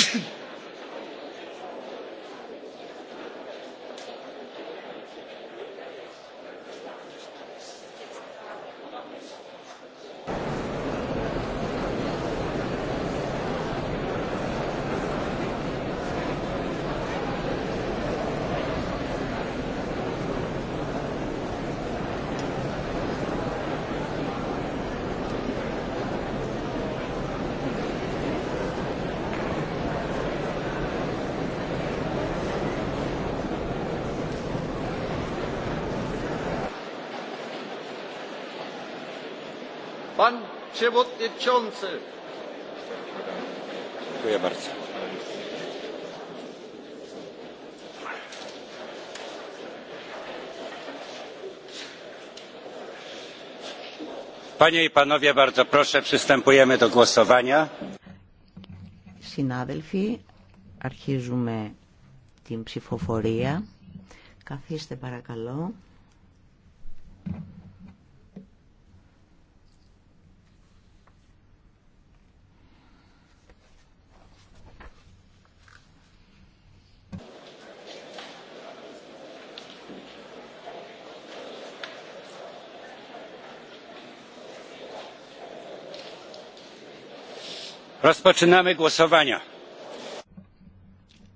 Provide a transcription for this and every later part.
Υπότιτλοι AUTHORWAVE Pan Przewodniczący. Dziękuję bardzo. Panie i panowie, bardzo proszę, przystępujemy do głosowania. Συνάδελφοι, αρχίζουμε την ψηφοφορία. Καθίστε παρακαλώ.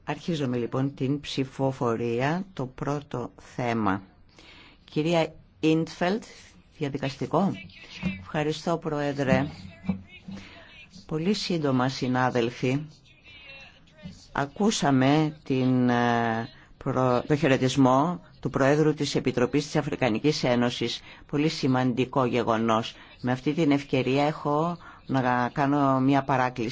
Αρχίζουμε λοιπόν την ψηφοφορία, το πρώτο θέμα. Κυρία Ιντφελτ, διαδικαστικό. Ευχαριστώ Πρόεδρε. Πολύ σύντομα συνάδελφοι, ακούσαμε την, ε, το χαιρετισμό του Προέδρου της Επιτροπής της Αφρικανικής Ένωσης. Πολύ σημαντικό γεγονός. Με αυτή την ευκαιρία έχω να κάνω μια παράκληση.